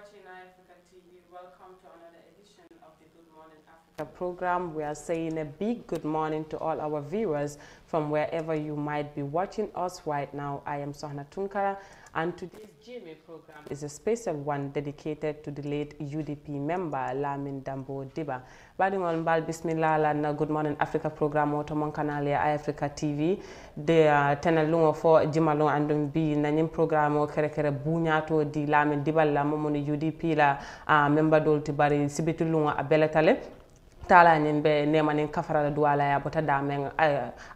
Fortune Africa TV. Welcome to another edition of the Good Morning Africa program. We are saying a big good morning to all our viewers from wherever you might be watching us right now. I am Sohna Tunkara And today's GMA program is a special one dedicated to the late UDP member Lamin Dambo Diba. Badingol bal bismillah lan Good Morning Africa program oto mon kanale ya Africa TV de uh, tenal lungo fo jimalo andum bi nanyim program o kere kere bunyato di Lamin Diba la UDP la uh, member dol bari sibitu lungo abelatale ya dame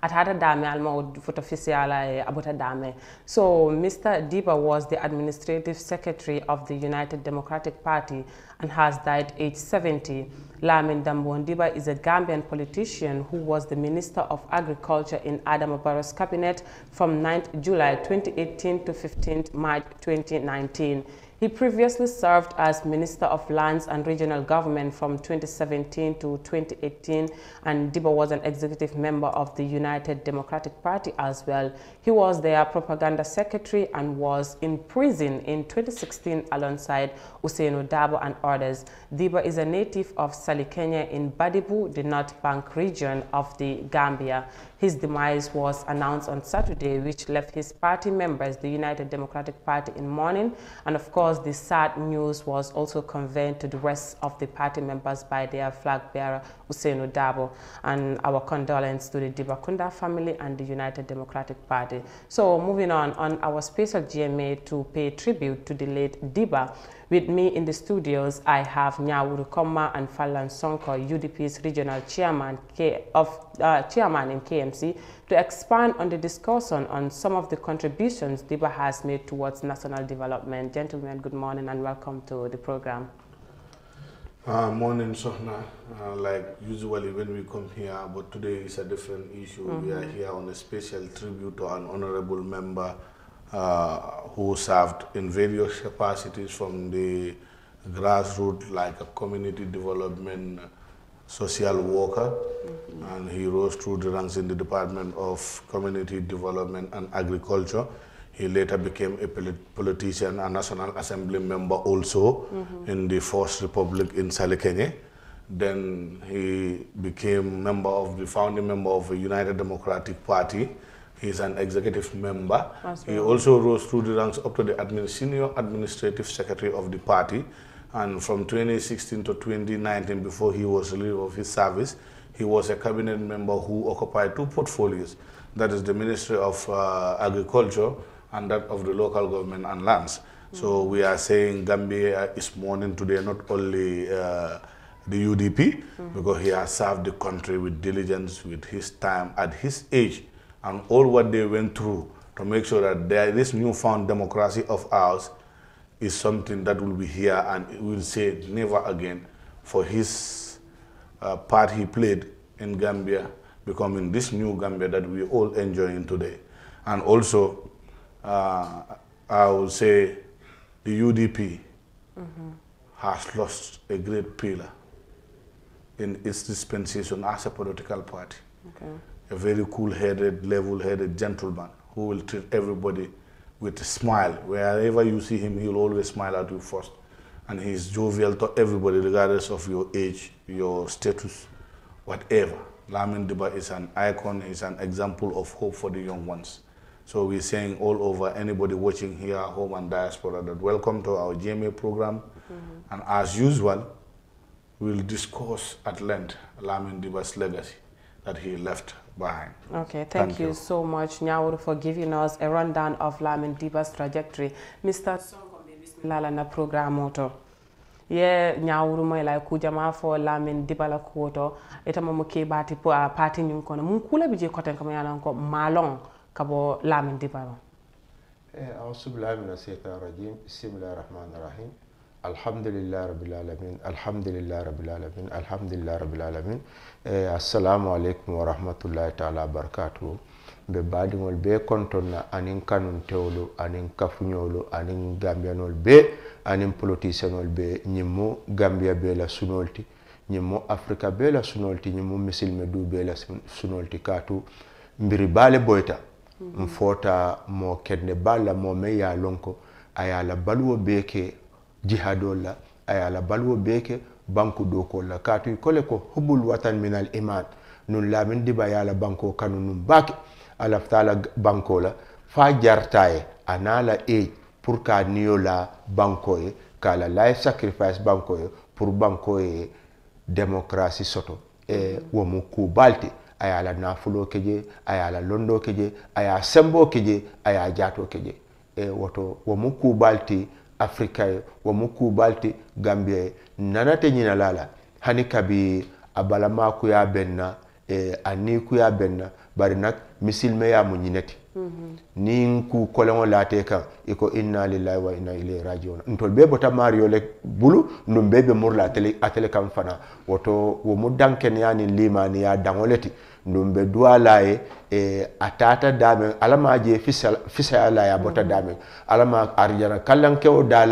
atata dame alma fisiala ya dame so mr diba was the administrative secretary of the united democratic party and has died aged 70 Lamin Dambuandiba is a Gambian politician who was the Minister of Agriculture in Adam Barrow's cabinet from 9th July 2018 to 15th March 2019. He previously served as Minister of Lands and Regional Government from 2017 to 2018, and Diba was an executive member of the United Democratic Party as well. He was their propaganda secretary and was in prison in 2016 alongside Usain Dabo and others. Diba is a native of Salikenya in Badibu, the North Bank region of the Gambia. His demise was announced on Saturday, which left his party members, the United Democratic Party, in mourning. And of course, the sad news was also conveyed to the rest of the party members by their flag bearer, Usainu Dabo. And our condolences to the Diba Kunda family and the United Democratic Party. So moving on, on our special GMA to pay tribute to the late Diba, with me in the studios, I have Nyawurukoma and Falan Sonko, UDP's regional chairman, K of, uh, chairman in KMC, to expand on the discussion on some of the contributions DIBA has made towards national development. Gentlemen, good morning and welcome to the program. Uh, morning, Sohna. Uh, like usually when we come here, but today is a different issue. Mm -hmm. We are mm-hmm. here on a special tribute to an honorable member uh, who served in various capacities from the grassroots like a community development uh, social worker mm -hmm. and he rose through the ranks in the Department of Community Development and Agriculture. He later became a politician and National Assembly member also mm -hmm. in the First Republic in Salikenye. Then he became member of the founding member of the United Democratic Party. He's an executive member. he also rose through the ranks up to the senior administrative secretary of the party and from 2016 to 2019, before he was relieved of his service, he was a cabinet member who occupied two portfolios, that is the Ministry of uh, Agriculture and that of the local government and lands. Mm. So we are saying Gambia is mourning today not only uh, the UDP, mm. because he has served the country with diligence, with his time, at his age, and all what they went through to make sure that this newfound democracy of ours is something that will be here and will say never again for his uh, part he played in Gambia, becoming this new Gambia that we all enjoying today. And also, uh, I will say the UDP mm -hmm. has lost a great pillar in its dispensation as a political party. Okay. A very cool-headed, level-headed gentleman who will treat everybody with a smile. Wherever you see him, he'll always smile at you first. And he's jovial to everybody, regardless of your age, your status, whatever. Lamin Duba is an icon, is an example of hope for the young ones. So we're saying all over, anybody watching here, home and diaspora, that welcome to our GMA program. Mm -hmm. And as usual, we'll discuss at length Lamin Diba's legacy that he left Bye. Okay, thank, thank you, you, so much, Nyawuru, for giving us a rundown of Lamin Diba's trajectory. Mr. Songombe, Bismillah, na program moto. ye ñawrumoy lay kujama fo lamin dibala kuoto ita mo kebati uh, ah, parti ñun kono mun kula bi je koten kama yalan ko malon kabo lamin dibala eh, a subhanallahi wa rajim bismillahir rahmanir rahim alhamdulillah rabbil alamin alhamdulillah rabbil alamin alhamdulillah rabbil alamin e assalamu alaikum wa rahmatullahi taala barakatuhu. wabarakatuhu badi ngol be kontonna anin kanun teolo, anin kafunyolo, anin ngol be anin politisa ngol be nyimu gambia be la sunolti nyimu afrika be la sunolti nyimu misilme du be la sunolti katu mbiri bale boita, mm-hmm. mfota mo kende bala mo meya lonko ayala ye beke, jihadol la a ye a la baluwo bee ke banku dookol la kole ko hubul watan min al iman nun laamin diba ye a la bankoo kanu nun baake a lafita la bankoo la faa jarta ye a naa la pour ka niyo la banko ye ka la sacrifice banko ye pour banko ye démocratie soto e wo mu kubalti a ye a la naafuloo ke je a ye a la londoo ke je a ye a semboo ke je a ye a jaatoo ke je e woto wo mu kubalti afrika ye wo mu kuubaalu ti gambiya ye nana te ñina la la hani kabi a balamaakuyaa ben na eh, a niikuyaa ben na bari nak misilmeyaa mu ñine ti mm -hmm. niŋ ku koleŋo laatee kaŋ i ko inna lillahi wa inna ilayhi rajiuna ntol bee bota maario le bulu ndum bee be murla atele, atele kaŋ fana woto wo mu dankeneyaa niŋ liimaaniyaa daŋo le ti ndum be duwa e, a tata damen ala ma je fisaya la ye a bota mm-hmm. dame alama arjana arijana kallankewo da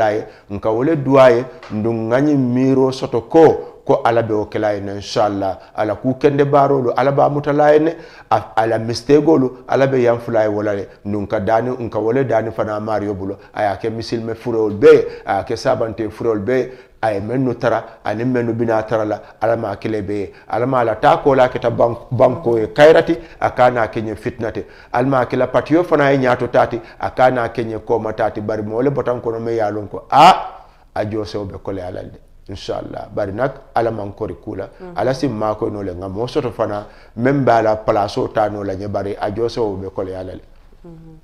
nka wole duwa ye nganyi miro soto ko ko ala be kelaye kela ye ne ala ku kende barolo ala ba mutala ne ala mistegolu ala be fulaye wolale ndu le ndun ka dani nka wole dani fana mario bulo a ye ke misilme furewol be ye ke sabante furewol be a ye mennu tara ani mennu bina tara la alama ma kile be ye ala la ala taa kola kita banko ye kayrati a ka na keñe fitnati ala ma kila patiyo fana ye ñaato taati a ka na keñe koma taati bari mo le botan kono me ye lon ko a a joosewo be kole alal de inshallah bari nak ala mankori kula mm. ala sim mako no le ngam mo soto fana même bala place o tano la ñe bari a joosewo be kole le mm -hmm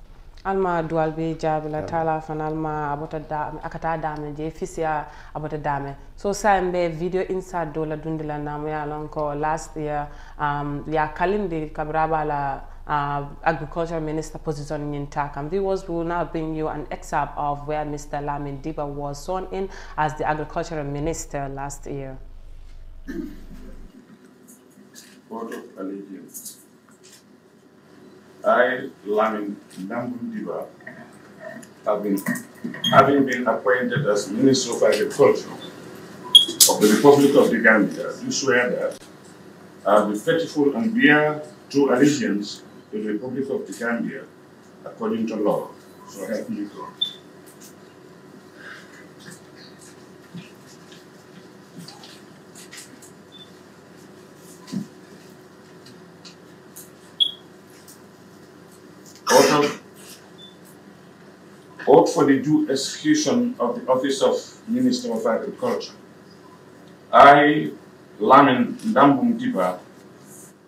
alma dual be jabila tala fan alma abota da akata dame je fisia abota dame so sayin be video insert do la dundi la namu ya lonko last year um, ya kalindi kabraba la uh, agriculture minister position in Takam. Viewers will now bring you an excerpt of where Mr. Lamin Diba was sworn in as the agricultural minister last year. Board of allegiance. I, Lamin Nambudiba, have been, having been appointed as Minister of Agriculture of the Republic of the Gambia, do swear that I will be faithful and bear true allegiance to the Republic of the Gambia according to law. So help me God. or for the due execution of the office of Minister of Agriculture. I, Lamin Ndambum Diba,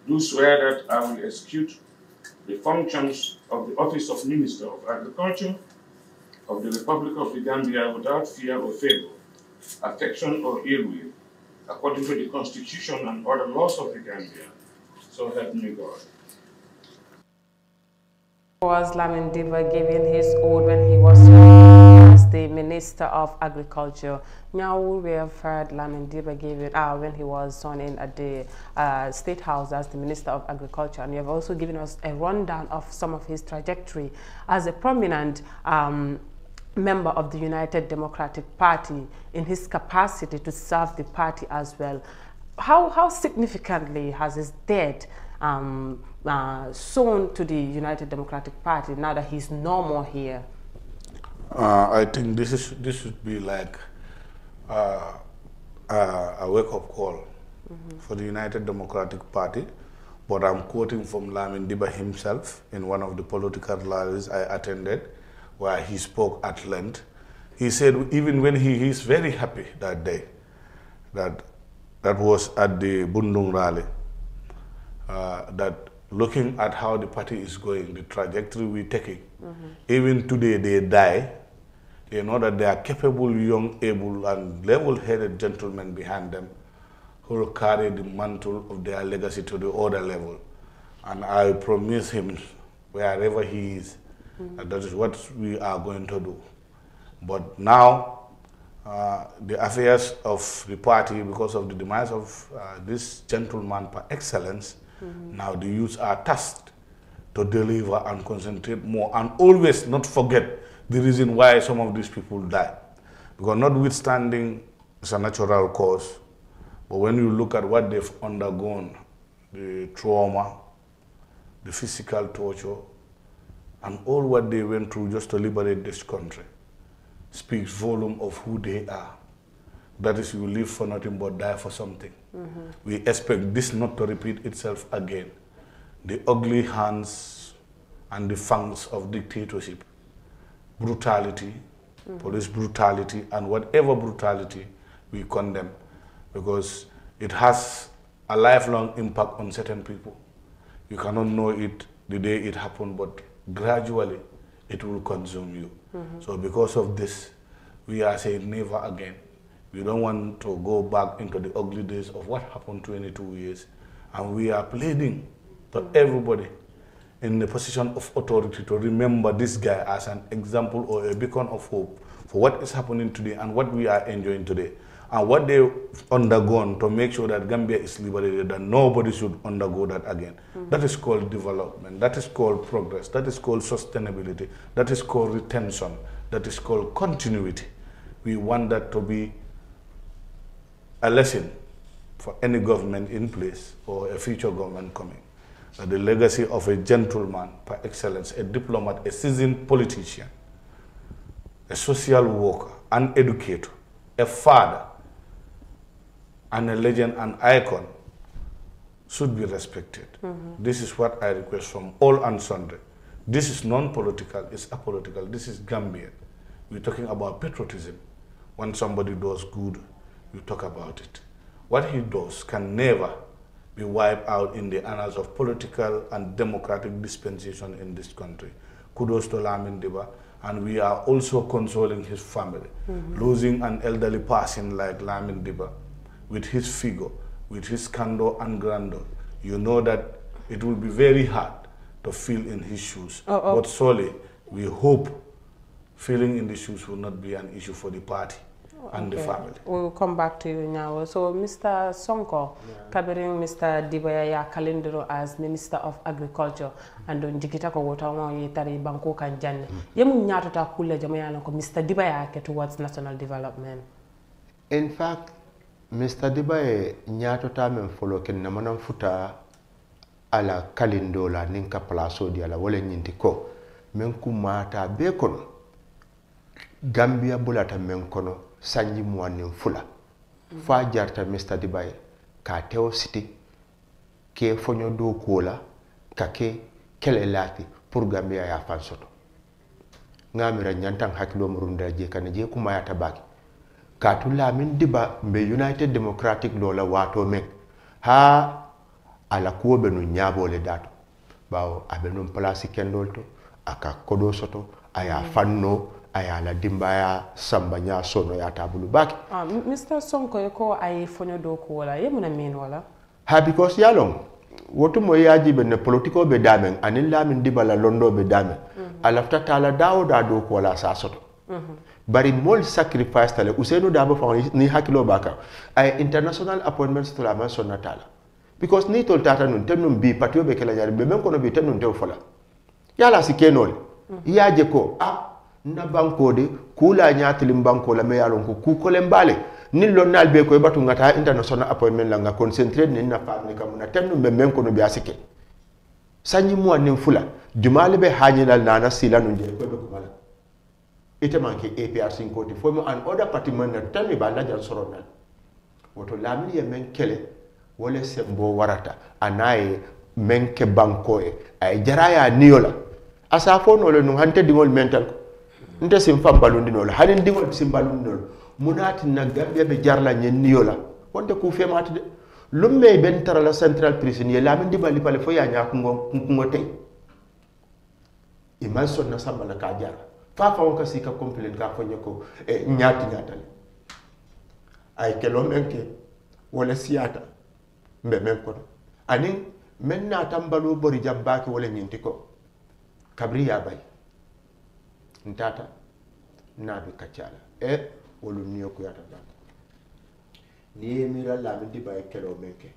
do swear that I will execute the functions of the office of Minister of Agriculture of the Republic of the Gambia without fear or favor, affection or ill will, according to the Constitution and other laws of the Gambia. So help me God was Lamindiva giving his oath when he was as the Minister of Agriculture. Nyawu referred Lamindiva giving out when he was sworn in at the uh, State House as the Minister of Agriculture. And you have also given us a rundown of some of his trajectory as a prominent um, member of the United Democratic Party in his capacity to serve the party as well. How, how significantly has his death um, uh, to the United Democratic Party now that he's no more here? Uh, I think this is this should be like uh, uh a wake-up call mm -hmm. for the United Democratic Party. But I'm quoting from Lamin Diba himself in one of the political rallies I attended, where he spoke at length. He said even when he is very happy that day, that that was at the Bundung rally uh, that looking at how the party is going, the trajectory we're taking, mm -hmm. even today they die, you know that they are capable, young, able, and level-headed gentlemen behind them who will carry the mantle of their legacy to the other level. And I promise him, wherever he is, mm -hmm. that is what we are going to do. But now, uh, the affairs of the party, because of the demise of uh, this gentleman par excellence, Mm-hmm. Now the youths are tasked to deliver and concentrate more and always not forget the reason why some of these people die. Because notwithstanding it's a natural cause, but when you look at what they've undergone, the trauma, the physical torture, and all what they went through just to liberate this country speaks volume of who they are. That is, you live for nothing but die for something. -hmm. We expect this not to repeat itself again. The ugly hands and the fangs of dictatorship, brutality, mm -hmm. police brutality, and whatever brutality we condemn because it has a lifelong impact on certain people. You cannot know it the day it happened, but gradually it will consume you. Mm -hmm. So because of this, we are saying never again. We don't want to go back into the ugly days of what happened 22 years. And we are pleading to everybody in the position of authority to remember this guy as an example or a beacon of hope for what is happening today and what we are enjoying today and what they undergone to make sure that Gambia is liberated, that nobody should undergo that again. Mm -hmm. That is called development. That is called progress. That is called sustainability. That is called retention. That is called continuity. We want that to be a lesson for any government in place or a future government coming. Uh, the legacy of a gentleman by excellence, a diplomat, a seasoned politician, a social worker, an educator, a father, and a legend, an icon should be respected. Mm -hmm. This is what I request from all and sundry. This is non-political, it's apolitical, this is Gambian. We're talking about patriotism. When somebody does good, you talk about it. What he does can never be wiped out in the annals of political and democratic dispensation in this country. Kudos to Lamin Diba. And we are also consoling his family. Mm -hmm. Losing an elderly person like Lamin Diba with his figure, with his candor and grandeur, you know that it will be very hard to fill in his shoes. oh. oh. But surely, we hope filling in the shoes will not be an issue for the party. and okay. the family. We will come back to you now. So, Mr. Sonko, yeah. covering Mr. Dibayaya Kalindro as Minister of Agriculture, and on Jikita ko we are yitari banko kan janne. Mm. Yemu nyaato ta kulle jamaya Mr. Dibayaya towards national development. In fact, Mr. Dibaye nyaato ta men folo ken namanan futa ala kalindo la ninka plaso di ala wole nyinti ko men kumata be kono Gambia bulata men kono sanji muwannin fula fa jarta Mr. dibaye ka teo city ke fonyo do kola ka ke kele lati pour Gambia ya fan soto ŋamira ñantan hakkilo murunda je kana je kuma ya tabaki ka tulla min diba be united democratic dola wato men ha ala ko be nun ñaabole dato bawo abe nun place kendolto aka kodo soto aya mm. fanno a y'a la denbaya sanba n y'a sɔnɔ y'a ah, mr sonko ye ko a ye fɔɲɔ dɔw wala ye muna min wala ha because y'a lɔn wotu mo y'a jibe ne politiko be damen ani lamin diba la londo be mm -hmm. a lafta taala da daa do ko wala sa mm -hmm. bari moolu sacrifice tale useenu daabo faŋo ni hakkiloo baa kaŋ international appointments to la a because niŋ tolu taata nuŋ teŋ nuŋ bii patio be ke la ñaari be meŋ kono si keenoo le mhm. i ye a ah, na banko de kula ñaatilim banko la me yaron ko kuko le mbale ni lo nal be ko e batu ngata international appointment la nga concentré ni na ni kamuna tenu me men ko no bi asike sanji mo ni fula jumale be dal nana sila nu je ko be ko kumala ite manke APR sin koti fo mo an order parti man na tenu ba la jar soro nan woto lamini ye men kele wole sembo warata anaye men ke banko e ay e jaraya niola asa fo no le no hante dingol mental ko nte sinfan balundinolu hani ndiŋol be sin balundinolu munatinna gambia be jarla ñenniyo la wonte ku femati de lum me ben tara la central prison ye lamin dibali pale fo ya ña kungo kungo tey iman sonna samba la ka jara fa fa wonka si ka complain ka fo ñeko e eh, ñaati ñaatale ay ke men ke wala siyata mbe men kono anin men naatan baloo bori jambaki wala ñinti ko kabri ya bayi ntata naabe kaccala e wolu niyo ku yata ban ni ye mira lamin diba ye kelo men ke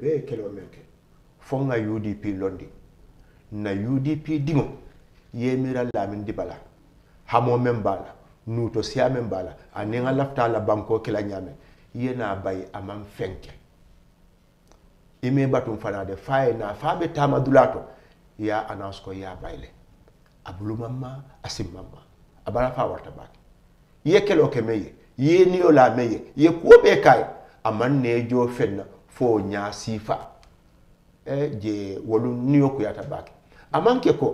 be ye keloo men ke fo ŋa udp londi na udp diŋo ye mira lamin diba la hamo meŋ b'a la nuuto siya meŋ b'a la aniŋ a lafita la banko kila nyame ye na bayi amam fenke ime ke i batum fana de faa na fabe tamadulato ya anasko ya to le abulumama asimama abara fa warta bake ye kelo kemeye ye niyo la meye ye ko be kai aman ne jo fenna fo nya sifa e je wolu niyo ku yata bake aman ke ko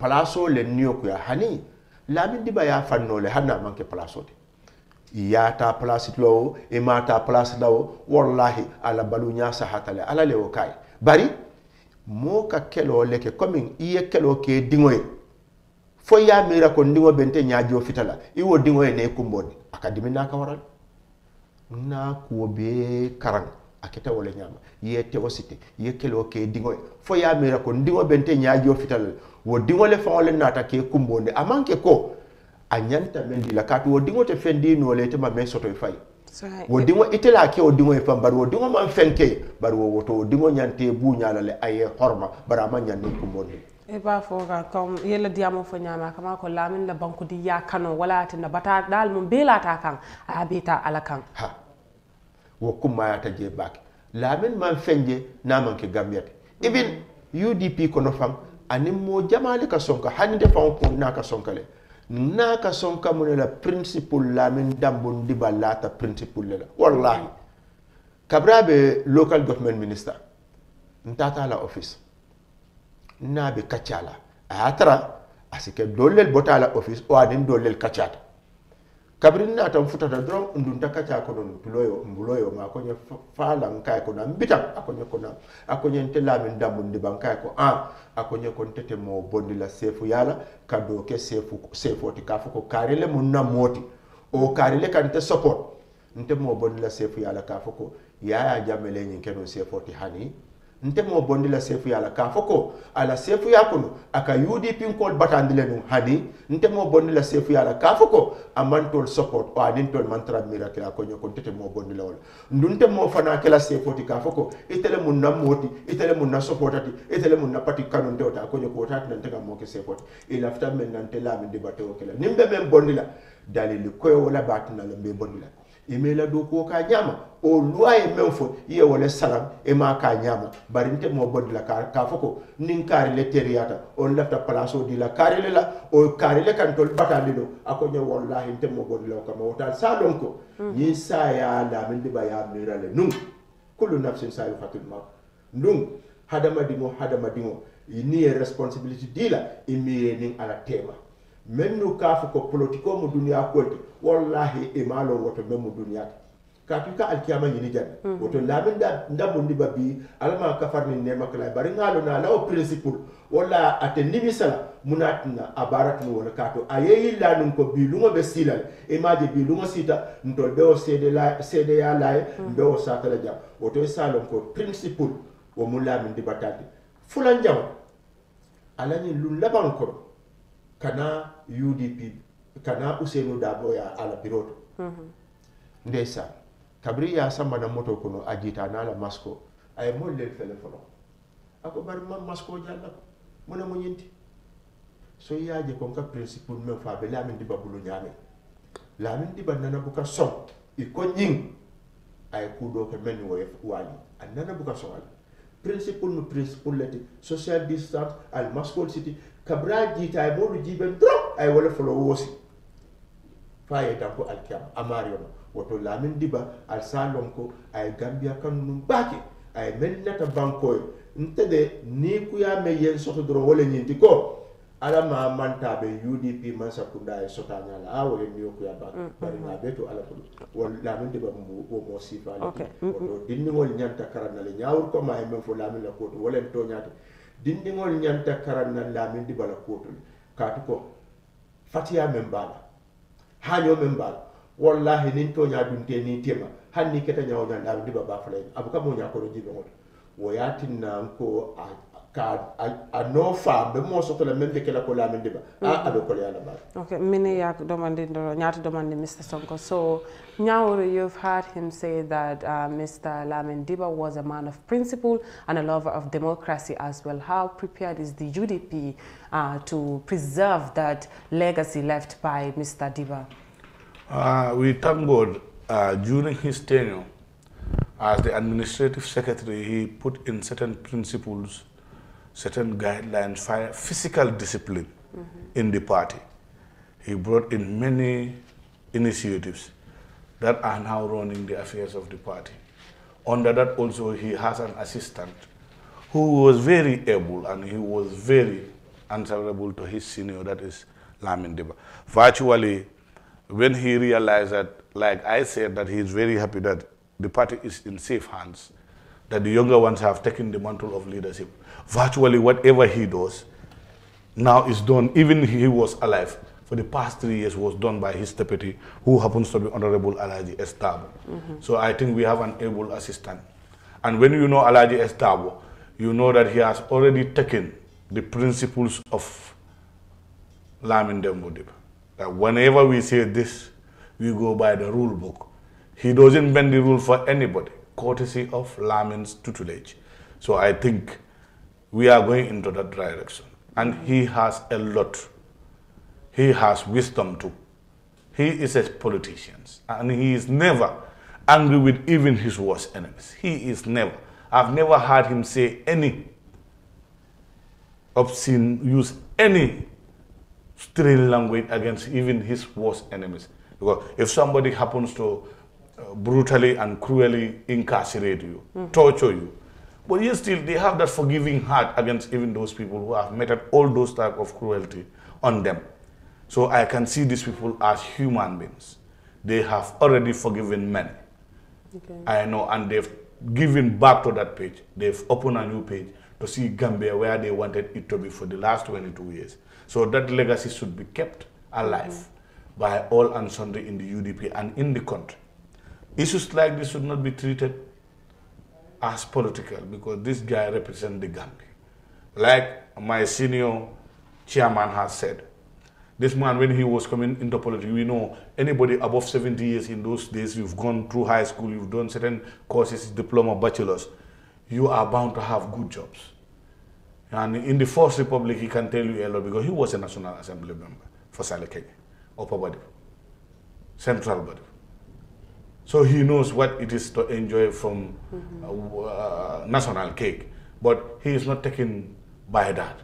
palaso le niyo ku ya hani lamin diba ya fanno le hanna aman ke palaso de yata place lo e mata place lawo wallahi ala balu nya sahatale ala le wo kai bari mo ka kelo leke komin iye kelo ke dingoye fo ya mira ko ndiŋo bente ñaajo fitala la i wo diŋo ye ne kumboni a ka dimi naa ka waral na kuwo bee karaŋ a keta wo le ñaama i ye tewo siti i ye keloo ke dingo ye fo ye mira ko ndiŋo bente ñaajo fitala la wo diŋo le faŋo le naata ke kumbondi a maŋ ke ko a ñanta meŋ di la kaatu wo dingo te feŋ dii noo le ite ma meŋ soto i fayi wo diŋo ite la ke wo dingo ye faŋ bari wo dingo maŋ feŋ ke ye bari wo woto wo diŋo ñante buuñaa le a ye horoma bari a maŋ ñanni kumbondi e ba fo ka kam yella diyamo fo ñama kama ko lamin la di ya kano wala tinna bata dal mum belata kan a beta ala kan ha wo kummayata je baake laamin man feñje namanke gambiyate even udp kono fam anin mo jamali ka sonka hannde fan ko naka sonka le naka sonka mune la principal lamin dambon diba lata principal le wallahi kabra be local government minister ntata la office nabe kacala ayatara asike dollel botala office o anin dollel kacata kabrin na tan futata dron ta kaca ko don tuloyo mbuloyo ma ko nya falan kay ko nan bitam ako nya ko nan ako nya ntela min damundi ban kay ko a ako nya ko tete mo bondi la sefu yala ka do ke sefu sefu ti kafu ko karele mun na moti o karele kan te support nte mo bondi la sefu yala kafu ko yaya jamele nyin kenon sefu ti hani ntemo bondila sefuya la ka foko ala sefuya kono aka UDP ko batandile num hani ntemo bondila sefuya la ka foko amantol support o anintol mantra miracle ko nyoko tete mo bondila wol ndunte mo fana kala sefoti ka foko itele mun na moti itele mun na supportati itele mun na pati kanun dewta ko nyoko tata nan tega mo ke sefoti ila fta men nan tela men debato kala nimbe men bondila dalili koyo wala batina lo be bondila ime la dokuwo ka ñaama o luwa ye meŋ fo i ye wo le salaŋ i maŋ ka ñaama bari nte moo bondi la ka fo ko niŋ kaari le teriyata on lafta palasoo di la kaari le la o kaari le kaŋ tolu batandi no a ko ñe wallahi nte moo bondi la o kama wo taa saa loŋ ko ñiŋ hmm. saa ye a laamindi ba ye a le nuŋ kullu nafsin saayuhatul mawt nuŋ hadamadiŋo hadamadiŋo niŋ ye responsibility di la i miŋ ye niŋ ala teema men nu kaafo ko politiko mo duniya kolti wallahi e maalo woto men mo duniyata kaatu ka alkiyama ñini janne hmm. woto laamin da ndamundi ba bi alama kafarni nemakala bari ŋaalo na lawo principule walla ate nimisala munatina a baaratumu wala kaato a ye nun ko bi luŋo be eh. hmm. silal le i maa je bi luŋo siita ntol be wo seedeya la ye mbe wo saata la jaŋ woto i ko principule wo mu laamin dibatandi fulanjaŋo ala ñiŋ luŋ labaŋ kono kana UDP kana Ousseynou Dabo ya ala piloto mm -hmm. ndesa kabri ya samba na moto kono ajita na ala masko ay mol len fele folo ako bar ma masko jalla ko mona mo so yaje kon ka principle men fa be lamin bulu nyame lamin diba nana buka son i ko nyin ay ku do ke men buka son wali principle mu principle lati social distance al masko city kabra jita ay e molu jiben trop ay wala folo wosi fa ye danko alkiyama amariyo ma woto lamin diba al salon ko aye gambia kan nun baki ay men nata bankoy ntede ni kuya me yen soto doro wala nyinti ko ala ma manta be UDP man sakunda e sota nyala a ah, wala ni kuya ba mm-hmm. bari be to ala ko wala lamin diba mo mo sifa woto dinni wol nyanta karana ko ma hembe fo lamin la ko wala to nyata dindiŋol ñanta karan na lamin dibala kuutul kaatu ko fatiya men bala haño men bala wallahi nin toña dunte ni tema hanni keta ñawoñandaɓe ndiɓa ba falayn abu kam moña kono jiɓe goto woyatinnan ko a a no a a be mm-hmm. koleya ok mr sonko so Nyauru, you've heard him say that uh, Mr. Lamendiba was a man of principle and a lover of democracy as well. How prepared is the UDP uh, to preserve that legacy left by Mr. Diba? Uh, we thank God uh, during his tenure as the administrative secretary, he put in certain principles certain guidelines, physical discipline mm -hmm. in the party. He brought in many initiatives that are now running the affairs of the party. Under that also he has an assistant who was very able and he was very answerable to his senior, that is Lamin Deba. Virtually, when he realized that, like I said, that he is very happy that the party is in safe hands, that the younger ones have taken the mantle of leadership, virtually whatever he does now is done, even he was alive, for the past three years was done by his deputy, who happens to be Honorable Alaji Estabo. Mm -hmm. So I think we have an able assistant. And when you know Alaji Estabo, you know that he has already taken the principles of Lamin Dembodib. That whenever we say this, we go by the rule book. He doesn't bend the rule for anybody, courtesy of Lamin's tutelage. So I think we are going into that direction. And he has a lot. He has wisdom too. He is a politician. And he is never angry with even his worst enemies. He is never. I've never heard him say any obscene, use any strange language against even his worst enemies. Because if somebody happens to uh, brutally and cruelly incarcerate you, mm -hmm. torture you, but yet still, they have that forgiving heart against even those people who have meted all those type of cruelty on them. So I can see these people as human beings. They have already forgiven many. Okay. I know, and they've given back to that page. They've opened a new page to see Gambia where they wanted it to be for the last 22 years. So that legacy should be kept alive mm -hmm. by all and sundry in the UDP and in the country. Issues like this should not be treated as political because this guy represents the Gambia. Like my senior chairman has said, this man, when he was coming into politics, we know anybody above 70 years in those days, you've gone through high school, you've done certain courses, diploma, bachelor's, you are bound to have good jobs. And in the First Republic, he can tell you a lot because he was a National Assembly member for Sale Kenya, Upper Body, Central Body. So he knows what it is to enjoy from mm -hmm. uh, national cake. But he is not taken by that.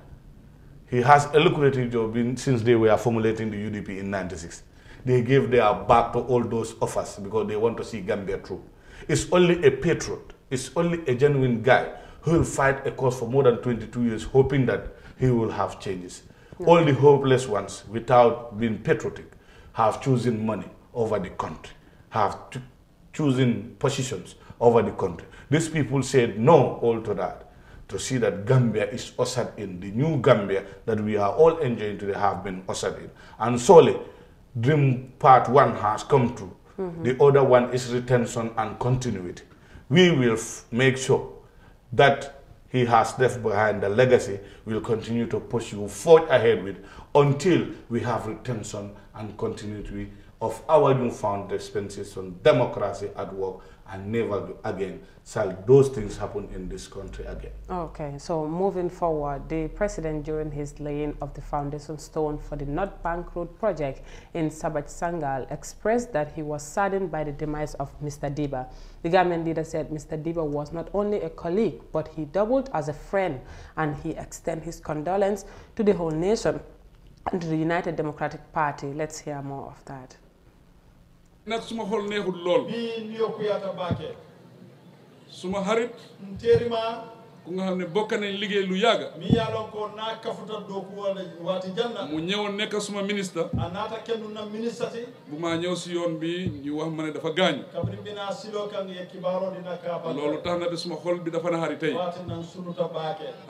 He has lucrative job in, since they were formulating the UDP in 96. They gave their back to all those offers because they want to see Gambia through. It's only a patriot, it's only a genuine guy who will fight a cause for more than 22 years hoping that he will have changes. No. All the hopeless ones, without being patriotic, have chosen money over the country have chosen positions over the country. These people said no all to that to see that Gambia is ushered in, the new Gambia that we are all enjoying today have been ushered in. And solely, dream part one has come true. Mm -hmm. The other one is retention and continuity. We will make sure that he has left behind the legacy will continue to push you forward ahead with until we have retention and continuity of our newfound expenses on democracy at work and never again shall those things happen in this country again. Okay, so moving forward, the president during his laying of the foundation stone for the North Bank Road project in Sabat Sangal expressed that he was saddened by the demise of Mr. Diba. The government leader said Mr. Diba was not only a colleague, but he doubled as a friend, and he extended his condolence to the whole nation and to the United Democratic Party. Let's hear more of that. nag suma xol neexul lool min yokkuyata baake suma xarit terima ku ne bokk nañ liggéey lu yàgga mi yaalon ko mu ñëwoon nekk suma ministre a naata na ministre ti bu ma ñëw si yoon bi ñu wax ma ne dafa gaañu kabri mbina loolu tax na bi suma xol bi dafa na tey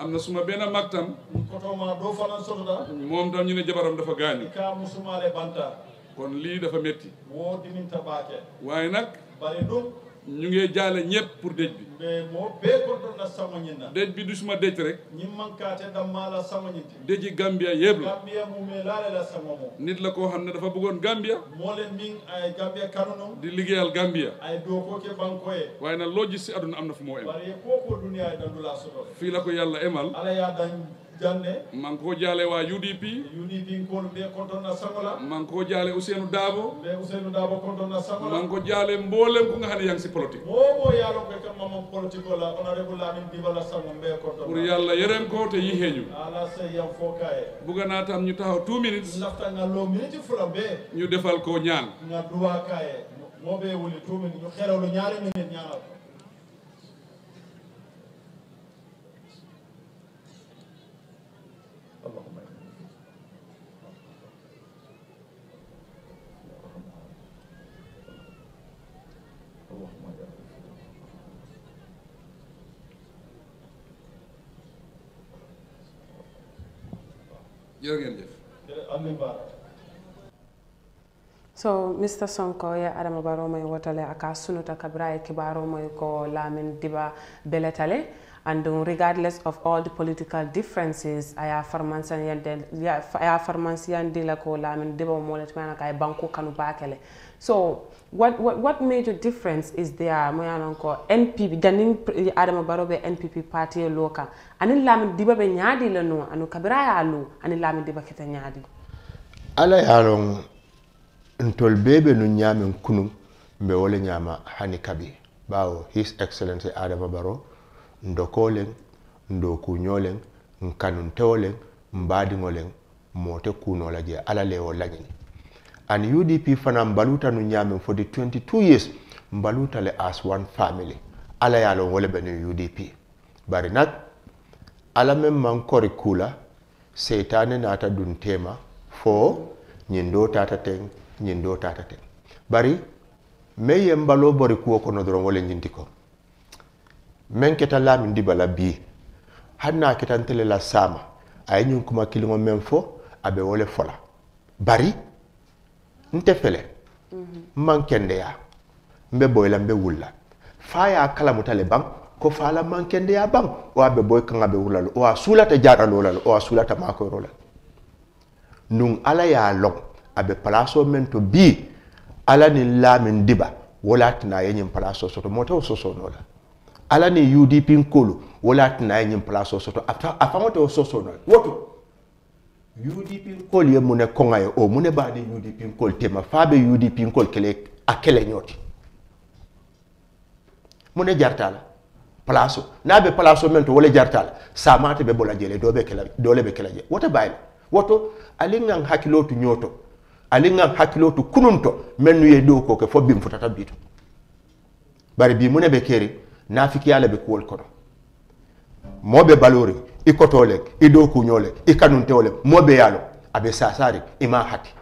am na suma benn mag tam kotoma doo fanan sotoda moom tam ñu ne jabaram dafa gaañu kaa kon lii dafa métti wo dininta baake waaye nag bare ɗum ñu ngi jaale ñëpp pour dëj bi mais moo bee ko doon na samoñin na bi du suma dëj rek ñi mankaate dammaa la samoñinti dëji Gambia yëpp la Gambia mu mee laale la sama moom nit la koo xam ne dafa bëggoon Gambia moo leen min ay Gambia kanunom di liggéeyal Gambia ay doo koo ke waaye nag loo gis si aduna am na fu moo em bare janne man ko jaale wa udp udp ngol ɓe kontonna sangola man ko jaale ousseynou dabo ɓe ousseynou dabo kontonna sangola man ko jaale mbolem ko ngahani yang si politique momo yaalo ko kam mamam politique ola honorable lamin dibala sango ɓe kontonna pour yalla yeren ko te yiheñu ala se yam fo kaye bugana ñu taxaw 2 minutes laftanga lo minute fula ɓe ñu defal ko ñaan nga duwa kaye moɓe wuli 2 jërë ngeen jëf. so mr sonkoye adama baromoye wotale aka sunuta kabiraye kibaro moye ko lamin diba beletale And regardless of all the political differences, aya farmansiyan yande aya So what what what major difference is there moyanon NPP danin Barobe NPP party e loka anin lamin diba be nyaadi lanu anu kabira ya lu lamin diba kete nyaadi. Ala yaron ntol bebe nu nyamin kunu mbe wole nyama hanikabi bawo his excellency Adama Barrow n dokoleŋ n dookuuñooleŋ n kanuntewoleŋ n baadiŋoleŋ moo te kuunoo la jee ala lewo la ñiŋ aniŋ udp fanaŋ mbaluuta nu ñaameŋ fo de 22 years mbaluuta le as one family ala ye a loŋ wo le be niŋ udp bari nak ala meŋ maŋ kori kuu la seitaane naata dunteema fo ñiŋ doo taata teŋ ñiŋ doo taata teŋ bari meŋ ye mbaloo bori kuo kono doroŋ wo le ñinti ko meŋ keta laamin diba la bii hani naa keta ntele la saama a ye ñiŋ kuma kiliŋo meŋ fo a be wo le fo bari nte fele mhm. maŋ kendeya mbe boyi la mbe wulla faa ye a kalamuta le baŋ ko faa la maŋ kendeya baŋ wo a be boyi kaŋa be wulla lo wo a suulata jaaraloo la lo wo a suulata maakoyoro la nuŋ alla ye a loŋ a be palaasoo meŋ to bii alla niŋ laamin diba wo le a tinaa ye ñiŋ palaasoo soto moo te wo sosoo noo la ala ni udp nkolo wala tena ye ɲin place soto a fanga tɛ o soso nɔ woto udp nkol ye mun ne kɔnga ye o mun ne b'a di udp nkol tema f'a bɛ udp nkol kɛlɛ a kɛlɛ ɲɔ ti mun ne jari t'a la place n'a bɛ place min to wale jari t'a la saama tɛ bɛ bɔ lajɛlen dɔ bɛ kɛlɛ dɔ le bɛ kɛlɛ jɛ woto b'a ye woto ale ŋa hakilo tu ɲɔ to ale ŋa hakilo tu kunun to mɛ n'u ye dɔw ko kɛ fo bin futata bi to bari bi mun ne bɛ kɛre nafikiyaale be kuwol kono moɓe balori i kotole i dow kuñole i kanuntewole moɓe a aɓe sasari ima hati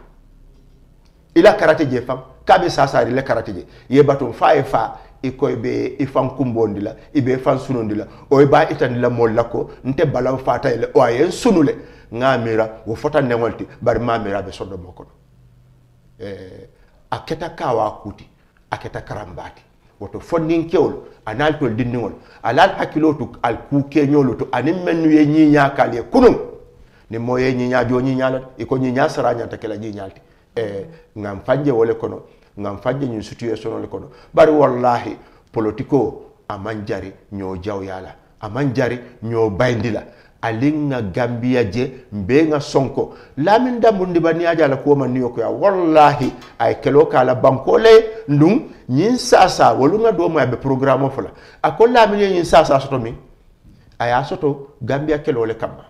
ila karate je fam kaɓe sasari le karate je ye batum fa e fa ikoy be i fan kumbondi la i be fan sunundi la o ba itandi la mol lako nte balan fata ele o ayen sunule nga mira wo fota neŋol bari ma mira be sondo mo kono eh, a kawa kuti a karambati woto fonninkewol anal dinni dinniŋol alal hakilo tu al ku kuukeñolu to aniŋ mennu ye nya kal ye kunuŋ niŋ moo ye ñiiñaa joo ñiiñaa la i ko nya sara ñanta ke la ñiiñaal ti eh, ŋan fanje wo le kono ŋan fanje ñiŋ situation le kono bari wallahi politico a maŋ jari ñoo jawya la a jari ñoo bayindi la alin ga gambia je mbe ga sonko lamin dambundi bani aja ala kuwoma niyokoya wallahi ay kelo kala banko le ndun sasa wolu ga domo aɓe programme o ako lamin ye sasa soto min aya soto gambia kelo le kamma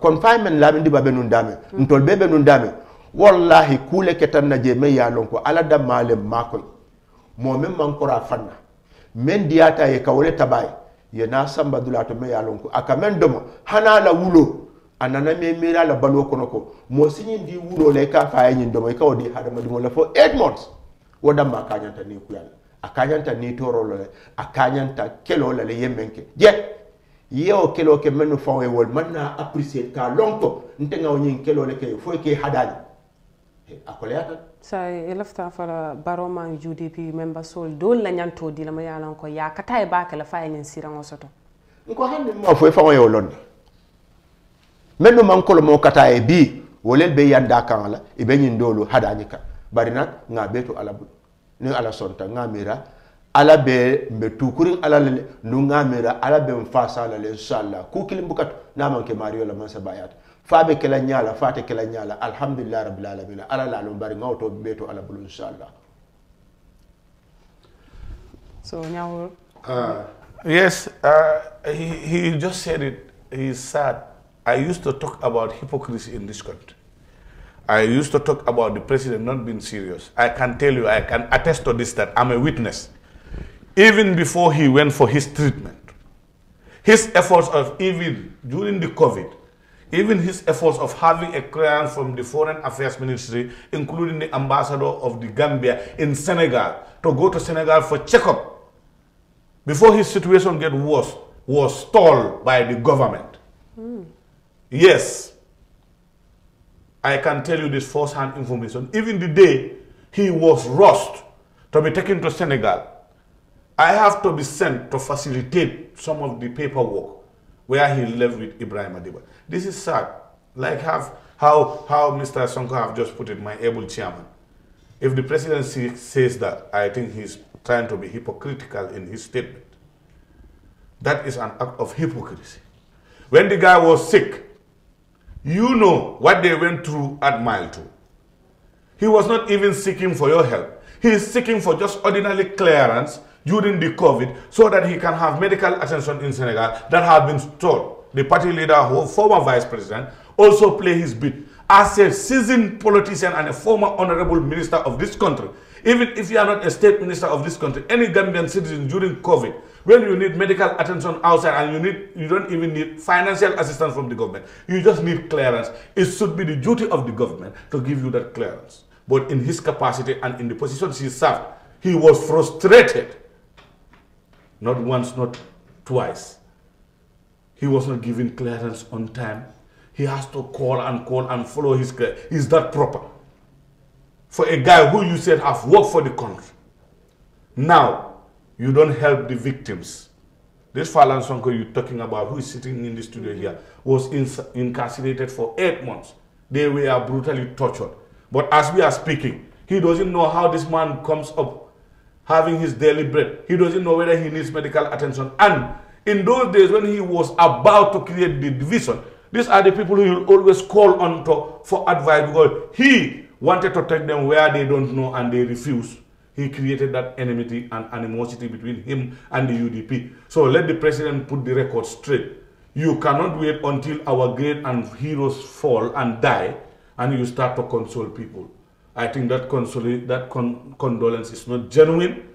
confinement lamin diba nun dame ntol ɓe nun dame wallahi kuule ke na je men ya lon ko ala dammale makoy mo men mankora fanna men diyata ye kawole tabaye ye na samba dulata me yalon ko akamen domo hana la wulo anana me me la balo kono ko mo sinyi ndi wulo le ka fa yin domo ka odi hada madimo la fo 8 months woda ma ka nyanta ni kuyal akanyanta ni toro le akanyanta kelo le yemenke je ye o kelo ke menu fa e wol man manna appreciate ka lonko ntenga onyin kelo le ke fo ke hadani a koleyatat sa i e, lafta fara baro man udp e member sol la ñanto di la ma yalan ko ya kata e baka la faye ñen sirango soto nko hande mo fo e fa yo londe men no man kolo mo kata e bi wolel be yanda kan la e be ñin dolu hadani ka bari nak nga beto ala bu ni ala sonta nga mira ala be mbe tukurin ala le nu nga mira ala be mfasa ala le inshallah ku kilim bukat na man ke mario la man sa bayata faɓe kela ñaala fate kela alhamdulillah rabbil alamina ala laalum bari ŋawto ala bulu so now. uh, yes uh, he, he just said it He said, i used to talk about hypocrisy in this country I used to talk about the president not being serious. I can tell you, I can attest to this that I'm a witness. Even before he went for his treatment, his efforts of even during the COVID, even his efforts of having a client from the Foreign Affairs Ministry, including the ambassador of the Gambia in Senegal, to go to Senegal for checkup before his situation get worse, was stalled by the government. Mm. Yes, I can tell you this first-hand information. Even the day he was rushed to be taken to Senegal, I have to be sent to facilitate some of the paperwork where he lived with Ibrahim Adiba. This is sad. Like have, how, how Mr. Sonko have just put it, my able chairman. If the presidency says that, I think he's trying to be hypocritical in his statement. That is an act of hypocrisy. When the guy was sick, you know what they went through at mile two. He was not even seeking for your help. He is seeking for just ordinary clearance during the COVID so that he can have medical attention in Senegal that had been stolen. The party leader, former vice president, also play his bit as a seasoned politician and a former honorable minister of this country. Even if you are not a state minister of this country, any Gambian citizen during COVID, when you need medical attention outside and you need you don't even need financial assistance from the government, you just need clearance. It should be the duty of the government to give you that clearance. But in his capacity and in the position he served, he was frustrated not once, not twice. He was not given clearance on time. He has to call and call and follow his clear. Is that proper? For a guy who you said have worked for the country. Now, you don't help the victims. This Falan Sonko you're talking about, who is sitting in the studio here, was incarcerated for eight months. They were brutally tortured. But as we are speaking, he doesn't know how this man comes up having his daily bread. He doesn't know whether he needs medical attention. And in those days when he was about to create the division, these are the people who always call on to for advice because he wanted to take them where they don't know and they refuse. He created that enmity and animosity between him and the UDP. So let the president put the record straight. You cannot wait until our great and heroes fall and die and you start to console people. I think that that con condolence is not genuine.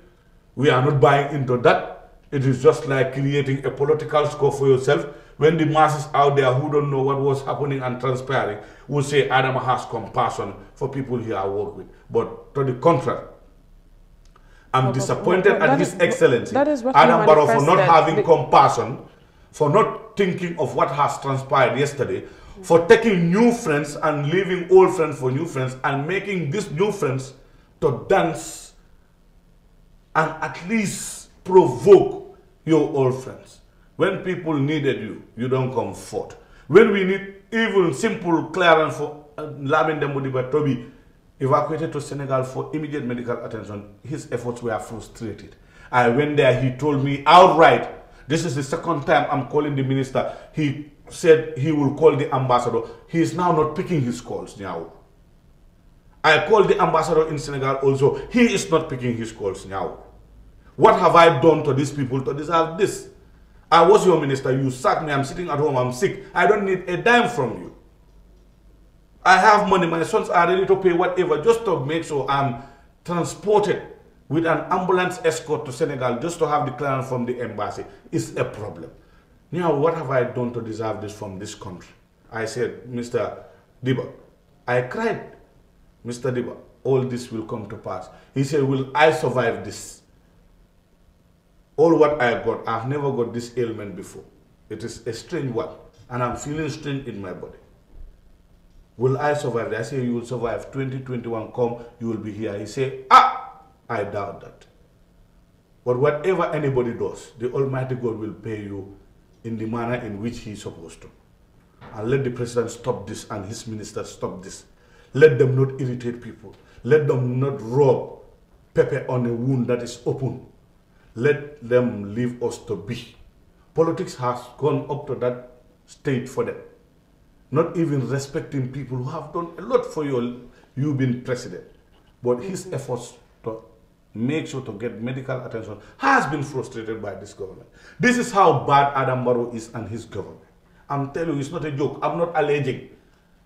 We are not buying into that. It is just like creating a political score for yourself. When the masses out there who don't know what was happening and transpiring will say Adam has compassion for people he has worked with. But to the contrary, I'm well, disappointed well, well, at His Excellency Adam Barrow for not having compassion, for not thinking of what has transpired yesterday, for taking new friends and leaving old friends for new friends and making these new friends to dance and at least provoke your old friends. When people needed you, you don't come forth. When we need even simple clearance for uh, Lamin Demodiba Toby evacuated to Senegal for immediate medical attention, his efforts were frustrated. I went there, he told me outright, this is the second time I'm calling the minister. He said he will call the ambassador. He is now not picking his calls now. I called the ambassador in Senegal also. He is not picking his calls now. What have I done to these people to deserve this? I was your minister. You sacked me. I'm sitting at home. I'm sick. I don't need a dime from you. I have money. My sons are ready to pay whatever just to make sure I'm transported with an ambulance escort to Senegal just to have the clearance from the embassy. It's a problem. Now, what have I done to deserve this from this country? I said, Mr. Diba, I cried, Mr. Diba, all this will come to pass. He said, will I survive this? All what I got, I've never got this ailment before. It is a strange one, and I'm feeling strange in my body. Will I survive? I say, you will survive. 2021 come, you will be here. He say, ah, I doubt that. But whatever anybody does, the Almighty God will pay you in the manner in which he's supposed to. And let the president stop this and his ministers stop this. Let them not irritate people. Let them not rub pepper on a wound that is open. Let them leave us to be. Politics has gone up to that state for them. Not even respecting people who have done a lot for you, you being president. But his efforts make sure to get medical attention, has been frustrated by this government. This is how bad Adam Barrow is and his government. I'm telling you, it's not a joke. I'm not alleging.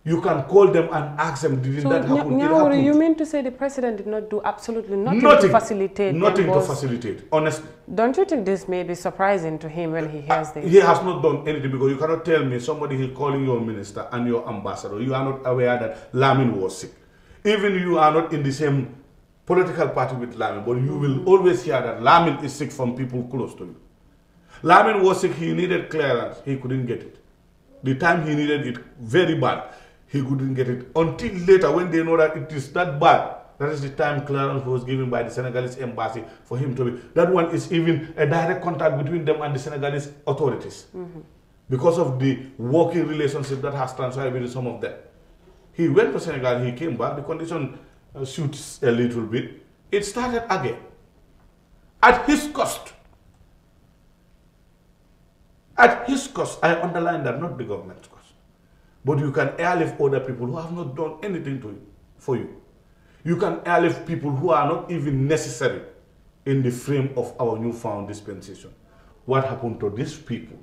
You can call them and ask them, did so that happen? Now, you mean to say the president did not do absolutely nothing, nothing to facilitate? Nothing to facilitate, honestly. Don't you think this may be surprising to him when he hears uh, this? He has not done anything because you cannot tell me somebody is calling your minister and your ambassador. You are not aware that Lamin was sick. Even you are not in the same political party with Lamin, but you will always hear that Lamin is sick from people close to you. Lamin was sick, he needed clearance, he couldn't get it. The time he needed it very bad, he couldn't get it. Until later, when they know that it is that bad, that is the time clearance was given by the Senegalese embassy for him to be. That one is even a direct contact between them and the Senegalese authorities. Mm -hmm. Because of the working relationship that has transpired with some of them. He went to Senegal, he came back, the condition uh, shoots a little bit, it started again at his cost. At his cost, I underline that, not the government's cost. But you can airlift other people who have not done anything to you, for you. You can airlift people who are not even necessary in the frame of our newfound dispensation. What happened to these people?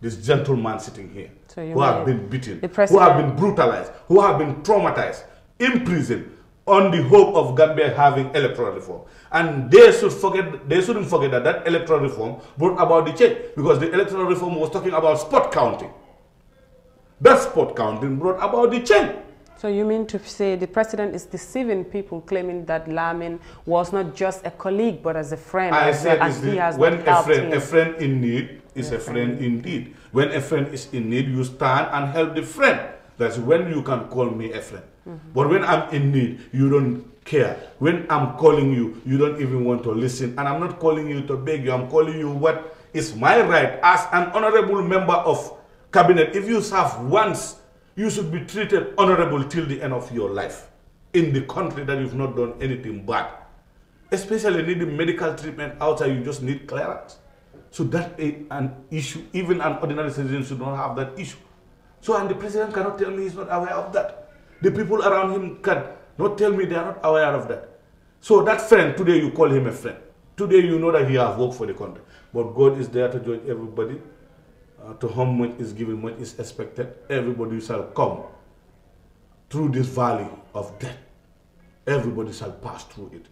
This gentleman sitting here, so who have been beaten, who have been brutalized, who have been traumatized, imprisoned, on the hope of Gambia having electoral reform. And they should forget they shouldn't forget that that electoral reform brought about the change because the electoral reform was talking about spot counting. That spot counting brought about the change. So you mean to say the president is deceiving people claiming that Lamin was not just a colleague but as a friend I as said as the, when a friend, a friend in need is a, a friend. friend indeed. When a friend is in need, you stand and help the friend. That's when you can call me a friend. Mm-hmm. But when I'm in need, you don't care. When I'm calling you, you don't even want to listen. And I'm not calling you to beg you, I'm calling you what is my right as an honorable member of cabinet. If you serve once, you should be treated honorable till the end of your life in the country that you've not done anything bad. Especially needing medical treatment outside, you just need clearance. So that is an issue. Even an ordinary citizen should not have that issue. So, and the president cannot tell me he's not aware of that. The people around him can not tell me they are not aware of that. So that friend, today you call him a friend. Today you know that he has worked for the country. But God is there to judge everybody. Uh, to whom much is given, much is expected. Everybody shall come through this valley of death. Everybody shall pass through it.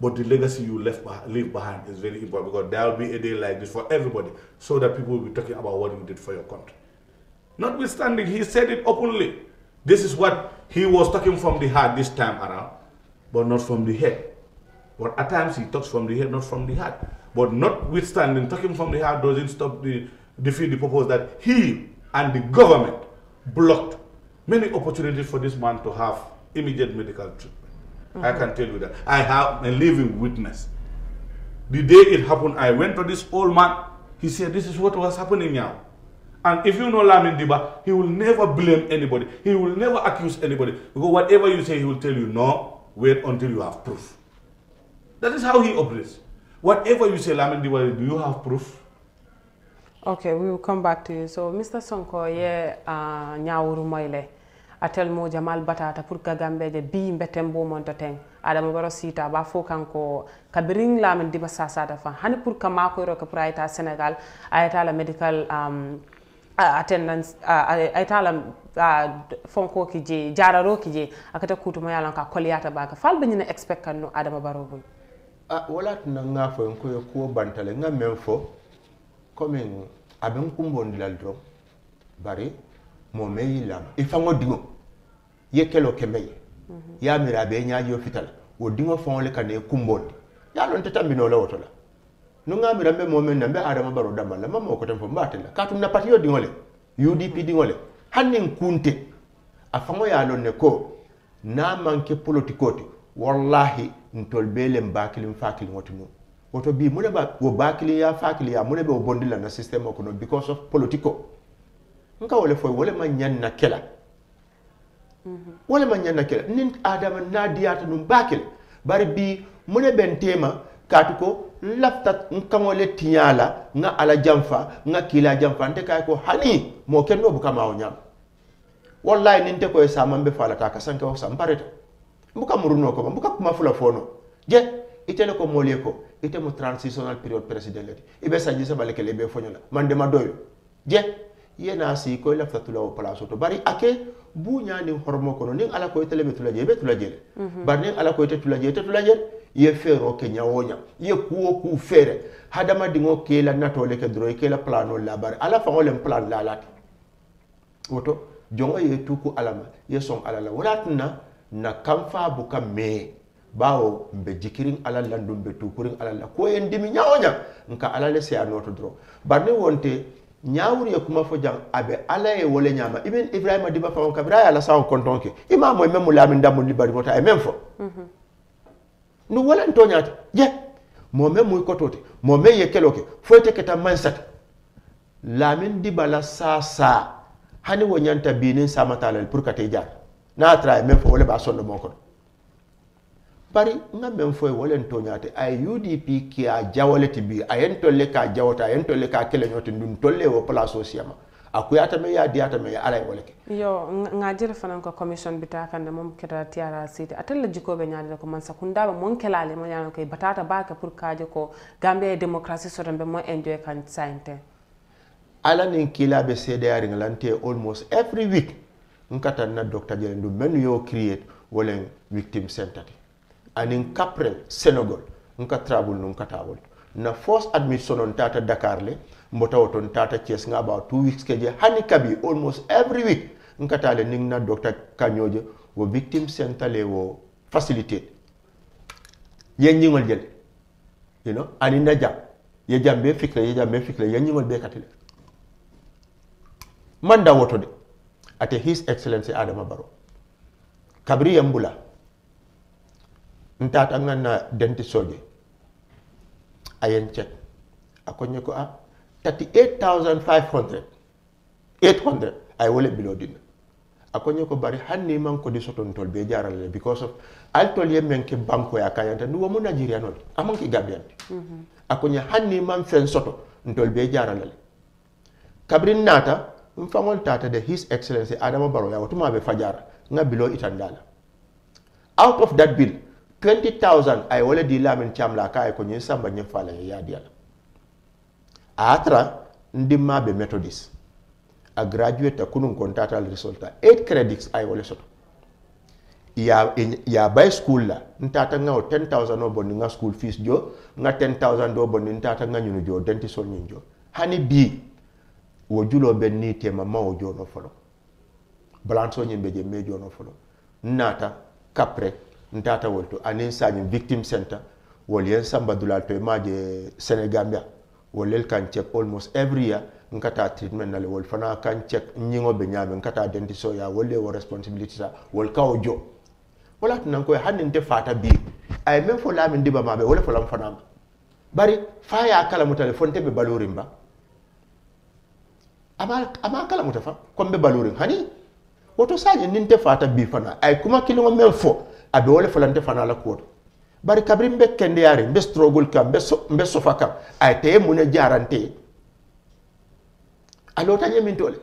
But the legacy you left leave behind is very important because there will be a day like this for everybody so that people will be talking about what you did for your country. Notwithstanding, he said it openly. This is what he was talking from the heart this time around, but not from the head. But at times he talks from the head, not from the heart. But notwithstanding, talking from the heart doesn't stop the defeat the purpose that he and the government blocked many opportunities for this man to have immediate medical treatment. Mm -hmm. I mm-hmm. can tell you that. I have a living witness. The day it happened, I went to this old man. He said, this is what was happening now. And if you know Lamin Diba, he will never blame anybody. He will never accuse anybody. Because whatever you say, he will tell you, no, wait until you have proof. That is how he operates. Whatever you say, Lamin Diba, do you have proof? Okay, we will come back to you. So, Mr. Sonko, yeah, uh, nyawuru moyle. Atel mo jamal batata pour kagambeje bi mbetembo montoteng. adama baro sita ba fo kanko kabirin lamin diba sasada fa hani pour kamako ro ka senegal ayata la medical um, attendance ay talam fonko ki je jararo ki je akata kutu mo yalan ka koliyata baka bani na expect kanu adama baro boy a wala tuna nga fo en ko ko bantale nga men fo comme aben kumbon ndila dro bari mo meyi la e ngo dingo ye kelo -hmm. ya mira be yo fital wo dingo fon le kan e kumbo ya lon tata mino la wotola nung'amira mbe momena nambe adama baro damalla mama ko tan fo mbatela katu na patiyo dingole udp dingole hanni kunte a fango ya lon ne ko na manke politikoti wallahi ntolbele mbakili mfakili fakilin wotu woto bi mune ba wo bakili ya fakili ya mune be bondila na system ko because of politico nka wole foy wole ma na kela mm -hmm. wole ma nyanna kela nin adama na diyata num bakil bari bi mune ben kaatu ko lafta nkaŋo le tiɲa la nŋa ala janfa nŋa kiila janfa nte kaye ko hani moo kendo buka maawo ñaama wallahi nin ko koye saman be falata ka kasanke wo san pareta mbuka muruno koma mbuka kuma fula fono je ite le ko moolu ye ko ite mu transitional period president le ti i be sanji sabale kele i be foño la mandema doylo je ye naa sii ko i lafita tula wo place to bari ake ke buuñaa niŋ horomo kono niŋ ala ko ite le be tula je i be tula je le mhm. bari niŋ ala ko ite tula je ite tula je le ye fero ke nyawonya ye kuo ku fere hada feere hadamadiŋo ke la natoo le ke doro ke la plano la bar ala fa leŋ plan la lat woto joŋo ye tuku alama ye soŋ ala la wo na kamfa bu kam me bawo mbe jikirin ala la ndum be tukurin ala la ko en dimi nyawonya nka ala le se anoto dro barne wonte nyaawri ye kuma fo jang abe ala ye wole nyama ibn ibrahima diba fa on kabira ala sa on kontonke imam e memu lamin damu libari mota e memfo mm -hmm nu walan toñaate je moome muy kotote moome ye keloke foyte keta mansata lamin dibala sasa hani wo ñanta binin samatalal pour kate jaar na traye men fo wole ba sondo mo kono bari nga men foye wolen toñaate ay udp ki a jawole jawaleti bi ayen tolle ka jawata yen tolle ka keleñote ndun tolle wo place o siyama akuyatame ye a diyatame ye ala ye wo le ke yo ŋa jere fanaŋ ko commission bita kande mom keta tiara site atel la jiko be nyaade ko man sakundaba mon kelale mo ñaano kay batata baake pour kaaje ko gambe e democratie soton be mo enjoy kan sainte ala nin kila be cdr ngalante almost every week nkata na docteur jele ndu mennu yo create wolen victim center ti kapre senegal sénégal nka trabul nu nka na force admission on tata dakar le mbotawo ton tata Thiès nga about two weeks keje hani kabi almost every week ning na docteur kanyoje wo victim center le wo facilitate yen ñingol jël you know ani na jam ye jam be fikre ye jam be fikre yen ñingol be katile man da woto de ate his excellency adama baro kabri yambula ntata na denti soje ayen cek akonye ko a ah, 38500 800 ay wole bilo din akonye ko bari hanni man ko di tol be jarale because of al tol ye men ke banko ya kayanta nu womo nigeria non amon ki gambian mm -hmm. akonye hanni man fen soto ntol be jarale kabrin nata mfangol tata de his excellency adama baro ya wotuma be fajara nga bilo itandala out of that bill 20000 ay wole di lamen chamla kay ko nyi samba nyi fala ya diala a tara ndimma be methodist a graduate a kunun kontata al resulta 8 credits ay wala soto ya ya bay school la ntata ngaw 10000 o nga school fees jo nga 10000 do bonni ntata nga nyunu jo denti sol nyun jo hani bi wo julo be ni tema mawo jo no folo balanso nyin be je me jo no folo nata kapre ntata wolto anin sa victim center wol yen samba dulal to ma je senegambia wolel kan check almost every year nkata treatment nale wol fana kan check nyingo be nyabe nkata dentiso ya wolle wo responsibility sa wol ka o jo wala tunan ko hanin te fata bi ay men fo la min mabe wala fo lam fana bari fa ya kala mu telefon te be balorin ba ama ama kala mu tafa ko be balorin hani woto saje nin te fata bi fana ay kuma kilongo men fo abe wala fo lan te fana la ko bari kabiri n bɛ kɛndeyare n bɛ struggle kan n bɛ sofa kan a tɛ ye mun ne jara n tɛ ye a lota ɲɛ min tole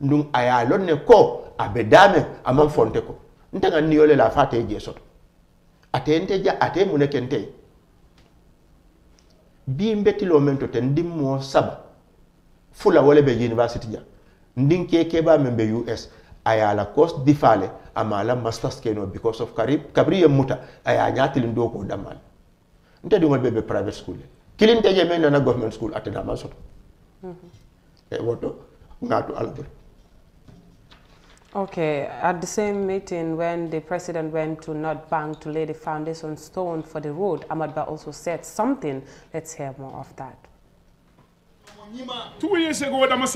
ndun a y'a ne ko a be daame a man fɔ n tɛ ko n tɛ ka le la f'a tɛ e je sɔrɔ a tɛ n tɛ ja a tɛ mun ye bi n bɛ tilo min to tɛ n di mɔɔ saba fula wale bɛ university ja n din kɛ kɛbaa min bɛ us a y'a la course difa le amala masters keno because of karib kabriye muta aya nyatilin do ko damal nte dingol bebe private school kilin teje men na government school atena masoto mm -hmm. e eh, woto ngatu albert Okay, at the same meeting when the president went to North Bank to lay the foundation stone for the road, Ahmadba also said something. Let's hear more of that. two a ma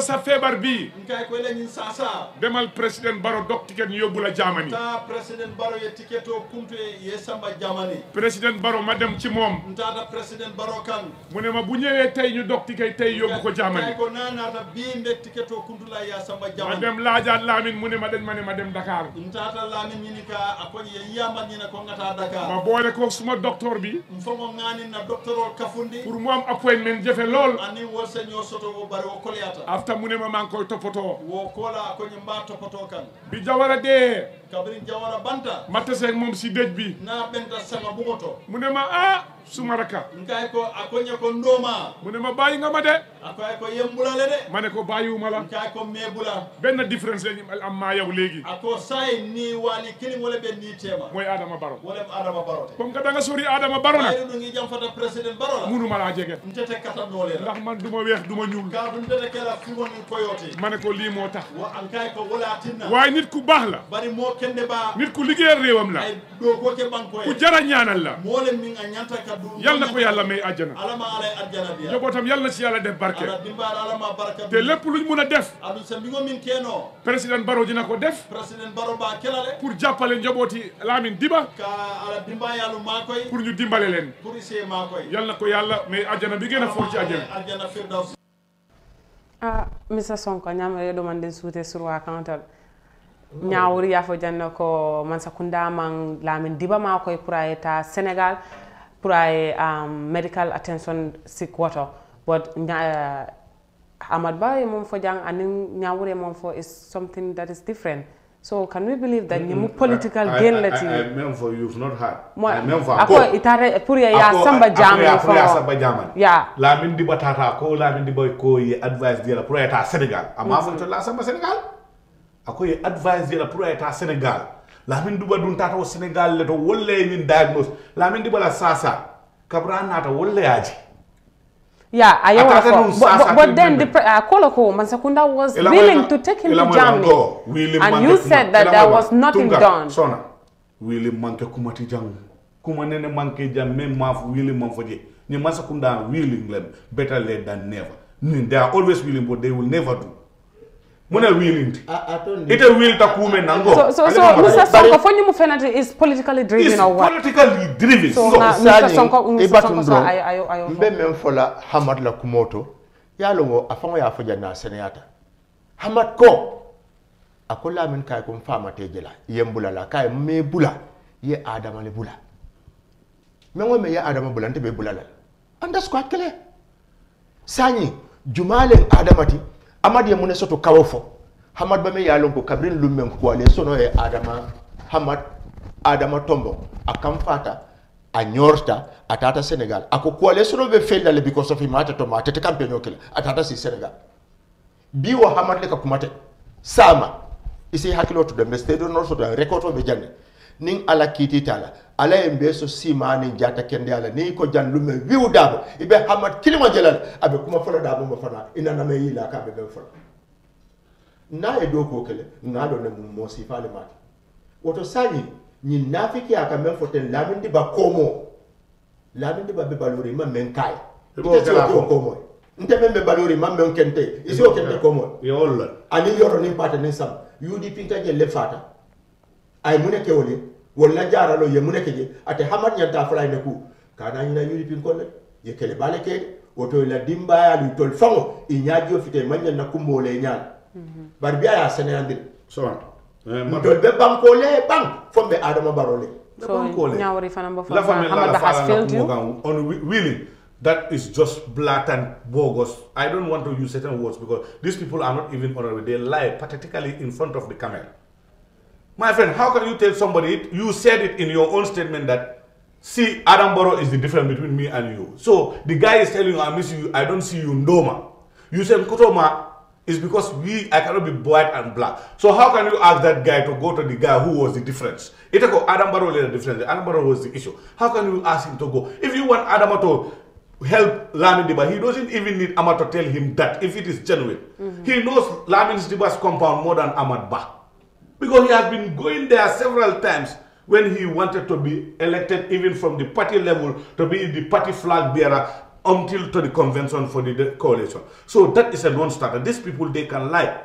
sa feebar bi nkay ko lañu sasa demal président Barrow dog ticket ñu yóbbu la Jamani ta président ma dem ci moom ntata président Barrow kan ma bu ñëwee tey ñu dog ticket tey yóbbu ko Jamani ko nanata bi nde ticket o kuntu la ya samba Jamani ma dem laajaat Lamin mu ne ma dañ ma ma dem Dakar ntata Lamin ñini ka a ko ye yamba ñina ma boole ko suma docteur bi pour mu am appointment jafe lool. after mu ne ma maa ngi koy toppatoo. bi jawara dee. kabiri jawara banta ma tase moom si dëj bi na benta sanga bugoto mu ne ma ah suma raka nkay ko a ko ñe ko mu ne ma bàyyi nga ma de a ko ay ko yembula le de ma ne ko bàyyiwuma la nkay ko meebula benn différence lañu am maa yow léegi a ko saay nii waali kilim wala ɓe nii teema mooy Adama Barrow wala Adama Barrow te comme que da nga sori Adama Barrow nag ɗum ngi jam fata président Barrow la munu ma laa jege ntete katannoole la ndax man du ma weex du ma ñuul kaa du ntete kela fimoni koyote ma ne ko lii moo tax wa ankay ku baax la bari moo nit ku liggéeyal réewam la ku jara ñaanal la yal na ko yàlla may àjjana njabootam yal na ci yàlla def barke te lépp luñ mun a def président Barrow dina ko def pour jàppale njabooti Lamin Diba pour ñu dimbale leen yal na ko yàlla may àjjana bi gën a foor ci àjjana ah Mr Sonko ñaama reedu man den suute sur waa Kantal ñawri yafo janno ko kunda man laamin dibama koy pour a ta sénégal pour aye um, medical attention sik woto but uh, amad ba e mom fo jang anin ñawre mom fo is something that is different So can we believe that mm -hmm. political I, gain let you I, I mean for you've not had. I mean for ako. itare pour ya samba jaman. Ako ya samba jaman. ya La min diba tata ko la min diba ko ye advice dia pour ta Senegal. Ama mm. fo to la samba Senegal akoye la pour ayata sénégal la min duɓa ɗum tata o sénégal le to wolle min diagnose la min lamin ɗiɓala sasa kabra nata wolleyaji aji ya ayo wa but then the uh, Koloko Mansakunda was willing to take him to Germany, and you said that there was nothing tunga, done. Sona, wili manke kumati jang, kuma nene manke jam même ma wili fodi Ni Mansakunda willing them better late than never. They are always willing, but they will never do mune wilindi ite will ta kume nango so so so Mr. Sonko fonyi mu fenati is politically driven is or what politically driven so, so na, musa Sonko Mr. Sonko so ayo ayo ayo mbe memfola hamad la kumoto yalo ngo afango ya afoja na senata hamad ko akola min kay ko fama tejela yembula la kay me bula ye adama le bula mengwe me ye adama bula ntebe bula la anda kele sanyi jumale adamati amad ye mune ne soto kawo fɔ hamadu bame y'a lon ko kabiri lu mɛn kuwale sono ye adama hamad adama tombo a kan fata a ñorta a tata sénégal ako coalition sono fellale because of him atata ma atata campagne o kela a tata si sénégal biwo le ka kumate sama isi hakilo to dembe stedo nord soto an rekoto oɓe jande nin ala kiitita la ala ye be so sima ni jata kende ala ni ko jan lume wiw dabo ibe hamad kilima jelal abe kuma fala dabo ma fana ina na me yila ka be be fala na ye do ko kele na do ne mum mo sifa le woto sani ni nafiki aka men foten lamin di ba komo lamin ba be balori ma men kai ite so ko nte men be balori ma men kente isi kente komo yo yoro ni pata ni sam UDP ka je le fata ay muneke wole walla jaralo ye mune keje ate hamad ñanta falayne ku kana ñina yuripin kolle ye kele bale keede woto e mhm. eh, la dimbayalu tol fango i ñajo fite mañan na kumbole ñaan bari biya ya seneyandir tol be bankole bank fombe adama barole ñawri fanamba fa hamad has failed you on willing that is just blatant bogus. I don't want to use certain words because these people are not even honorable. They lie pathetically in front of the camera. My friend, how can you tell somebody, it? you said it in your own statement that, see, Adam Borough is the difference between me and you. So the guy is telling you, I miss you, I don't see you, Ndoma. You say Kutoma, is because we, I cannot be white and black. So how can you ask that guy to go to the guy who was the difference? It's like Adam Borough was the difference. Adam Borough was the issue. How can you ask him to go? If you want Adam to help Lamin Diba. He doesn't even need Ahmad to tell him that if it is genuine. Mm -hmm. He knows Lamin Diba's compound more than Ahmad Ba. Because he has been going there several times when he wanted to be elected even from the party level to be the party flag bearer until to the convention for the coalition. So that is a non-starter. These people, they can lie.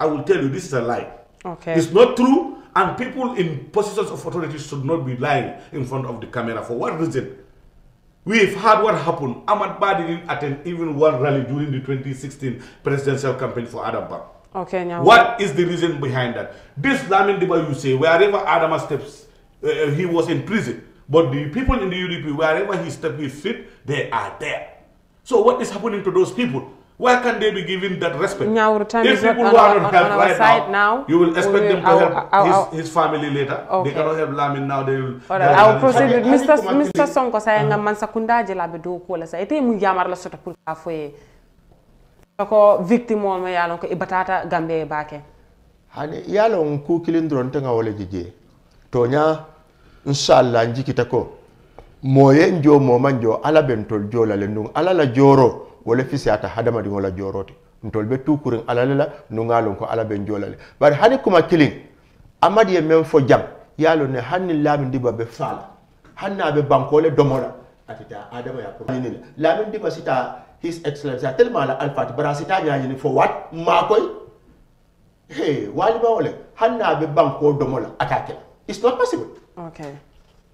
I will tell you, this is a lie. Okay. It's not true, and people in positions of authority should not be lying in front of the camera. For what reason? We've heard what happened. Ahmad Ba didn't attend even one rally during the 2016 presidential campaign for Adam Okay, now what is the reason behind that? This Lamin Diba, you say, wherever Adam steps, uh, uh, he was in prison. But the people in the UDP, wherever he steps his feet, they are there. So what is happening to those people? Why can they be given that respect? Now, time if people who are not help right now, now, you will expect will, them to I'll, help I'll, I'll, his, his, family later. Okay. They cannot help Lamin now. They will. All right. I will proceed with Mr. Mr. Sonko. Saya ngamman uh-huh. sakunda jela bedo ko la Ite mu yamar la sota pulka foye. ko victime olma yaalon ko ibatata gambe e baake e hani yaalon ku kilin duron tenga wole jije toña inchallah njikita ko moye njo moman jo ala bentol jolale ndun ala la joro wole fisiata hadamadiola jorote ntol be tukurin alalela nungalon ko ala ben jolale bari hani kuma kilin amadi e men fo jam yaalo ne hanni laami ndiba be faala hanna be bankole domola atita adama ya pour ni la laami ndiba sita His Excellency a la alfati bara sitañañini fo wat ma koy he walima ole hannaɓe banko domola attaque la it's not possible okay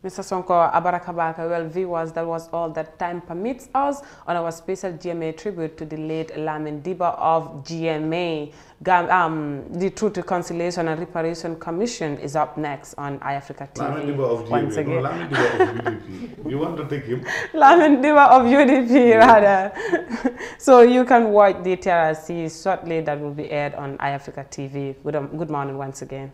Mr. Sonko Abarakabaka, well, viewers, that was all that time permits us on our special GMA tribute to the late Lamin Diba of GMA. Um, the Truth to Conciliation and Reparation Commission is up next on iAfrica TV. Lamin Diba of GMA. Once again. No, Lamin Diba of UDP. you want to take him? Lamin Diba of UDP, rather. so you can watch the TRC shortly that will be aired on iAfrica TV. Good, um, good morning once again.